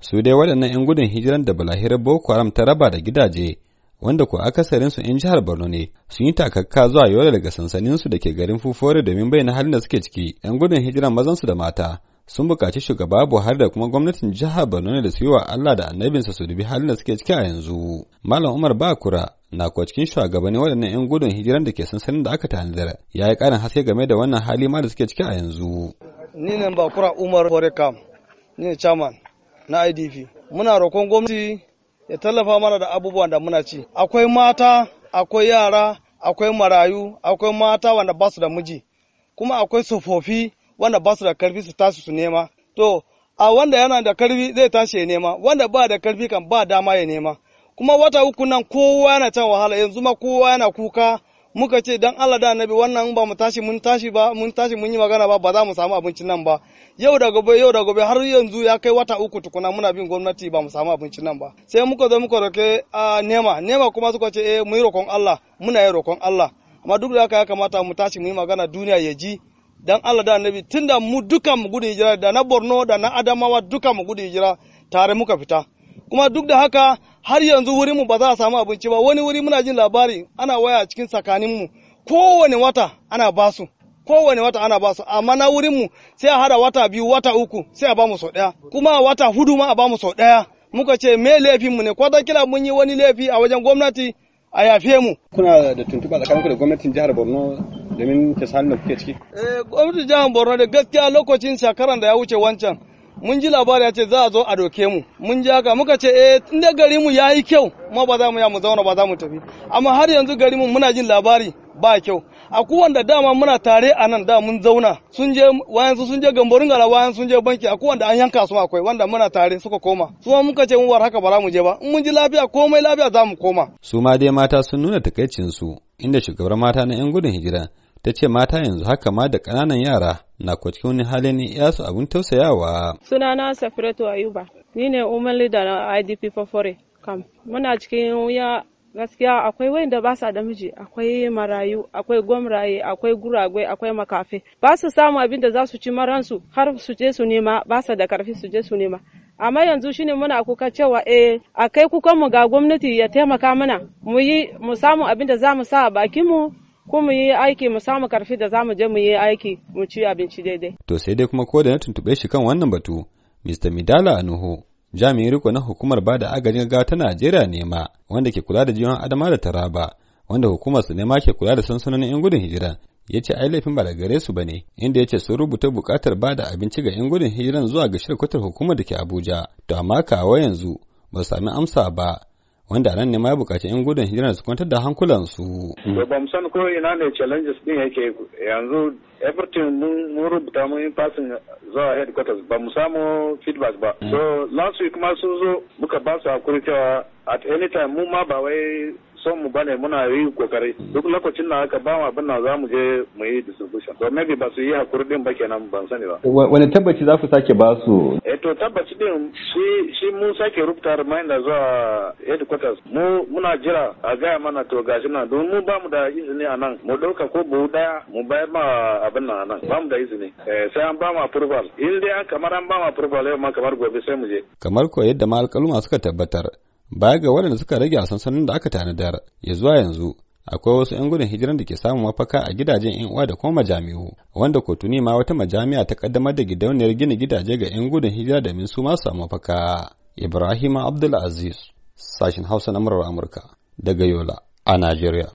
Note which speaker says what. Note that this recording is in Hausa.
Speaker 1: su dai waɗannan 'yan gudun hijiran da balahirar boko haram ta raba da gidaje wanda ko akasarin su 'yan jihar borno ne sun yi takakka zuwa yola daga sansanin su da ke garin fufore domin bai bayyana halin da suke ciki 'yan gudun hijiran mazan su da mata sun buƙaci shugaba buhari da kuma gwamnatin jihar borno ne da su yi wa allah da annabinsa su dubi halin da suke ciki a yanzu malam umar bakura na kuwa cikin shugabanni waɗannan 'yan gudun hijiran da ke sansanin da aka tanadar ya yi ƙarin haske game da wannan hali ma da suke ciki a yanzu
Speaker 2: ni ne bakura umar forekam ni ne chairman na idp muna roƙon gwamnati ya tallafa mana da abubuwan da muna ci akwai mata akwai yara akwai marayu akwai mata wanda ba su da miji kuma akwai tsofaffi wanda ba su da karfi su tashi su nema to a wanda yana da karfi zai tashi ya nema wanda ba da karfi kan ba dama ya nema kuma wata uku nan kowa yana can wahala yanzu ma kowa yana kuka muka ce dan Allah da annabi wannan ba mu tashi mun tashi ba mun tashi mun yi magana ba ba za mu samu abincin nan ba yau da gobe yau da gobe har yanzu ya kai wata uku tukuna muna bin gwamnati ba mu samu abincin nan ba sai muka zo muka roke a nema nema kuma suka ce eh mu yi roƙon Allah muna yi roƙon Allah amma duk da haka ya kamata mu tashi mu yi magana duniya ya ji dan Allah da annabi tunda mu duka mu gudu hijira da na Borno da na Adamawa duka mu gudu hijira tare muka fita kuma duk da haka har yanzu wuri mu ba za a samu abinci ba wani wuri muna jin labari ana waya cikin tsakanin mu kowane wata ana basu kowane wata ana basu amma na wurin mu sai a hada wata biyu wata uku sai a bamu sau daya kuma wata hudu ma a bamu sau daya muka ce me laifin mu ne kila mun yi wani laifi a wajen gwamnati a yafe
Speaker 1: mu kuna da tuntuɓa tsakaninku da gwamnatin jihar Borno domin ta sanin da kuke ciki eh
Speaker 2: gwamnatin jihar Borno da gaskiya lokacin shekaran da ya wuce wancan mun ji labari ya ce za a zo a doke mu mun ji haka muka ce eh inda gari mu yi kyau ma ba za mu ya mu zauna ba za mu tafi amma har yanzu gari mu muna jin labari ba kyau a kowanda dama muna tare a nan da mun zauna sun je wayan sun je gambarin gara wayan sun je banki a kowanda an yanka su akwai wanda muna tare suka koma su ma muka ce mun war haka ba za mu je ba in mun ji lafiya komai lafiya za mu koma
Speaker 1: su ma dai mata sun nuna takaicin su inda shugabar mata na yan gudun hijira ta ce mata yanzu haka ma da ƙananan yara na kwaci wani halin yasu abin tausayawa.
Speaker 2: Sunana Safiratu Ayuba, ni ne umar da IDP Fafore kam. Muna cikin ya gaskiya akwai wayanda ba sa da miji akwai marayu akwai gwamraye akwai guragwai akwai makafe ba su samu abin da za su ci maransu har su je su nema ba sa da karfi su je su nema amma yanzu shine muna kuka cewa eh a kai kukan mu ga gwamnati ya taimaka mana mu yi mu samu abin da za mu sa a bakin mu ko mu yi aiki mu samu karfi da zamu je mu yi aiki mu ci abinci daidai.
Speaker 1: To sai dai kuma ko da na tuntuɓe shi kan wannan batu, Mr. Midala Anuhu, jami'in riko na hukumar bada agajin gaggawa ta Najeriya ne ma, wanda ke kula da jiyon Adama da Taraba, wanda hukumar su ne ma ke kula da sansanonin 'yan gudun hijira. Ya ce ai laifin ba da gare su ba ne, inda ya ce sun rubuta bukatar ba da abinci ga 'yan gudun hijiran zuwa ga kwatar hukumar da ke Abuja, to amma kawo yanzu ba su sami amsa ba, wanda nan ne ma ya bukaci 'yan gudun hijira su kwantar da hankulansu. To
Speaker 3: ba mu san ko ina ne challenges din yake yanzu everything mun rubuta mun yin passing zuwa headquarters ba mu samu feedback ba. Mm. So last week ma sun zo muka ba su hakuri cewa at any time mu ma ba wai son mu bane muna yi kokari duk lokacin da aka ba mu abin nan za mu je mu yi distribution to maybe ba su yi hakuri din ba kenan ban sani ba
Speaker 1: wani tabbaci za ku sake ba su
Speaker 3: eh to tabbaci din shi shi mu sake rubuta reminder zuwa headquarters mu muna jira a gaya mana to gashi na don mu ba mu da izini a nan mu dauka ko buhu daya mu bayar ma abin nan a nan ba mu da izini eh, sai an ba mu approval in dai an kamar an ba mu approval yau ma kamar gobe sai mu je
Speaker 1: kamar ko yadda ma alƙaluma suka tabbatar Baya ga waɗanda suka rage a sansanin da aka tanadar ya zuwa yanzu akwai wasu 'yan gudun hijiran da ke samun mafaka a gidajen 'yan uwa da kuma majami'u wanda kotuni ma wata majami'a ta kaddamar da gidauniyar gina gidaje ga 'yan gudun hijira domin su ma samu mafaka. Ibrahim Abdul Aziz, sashin Hausa na murar Amurka, daga Yola a Najeriya.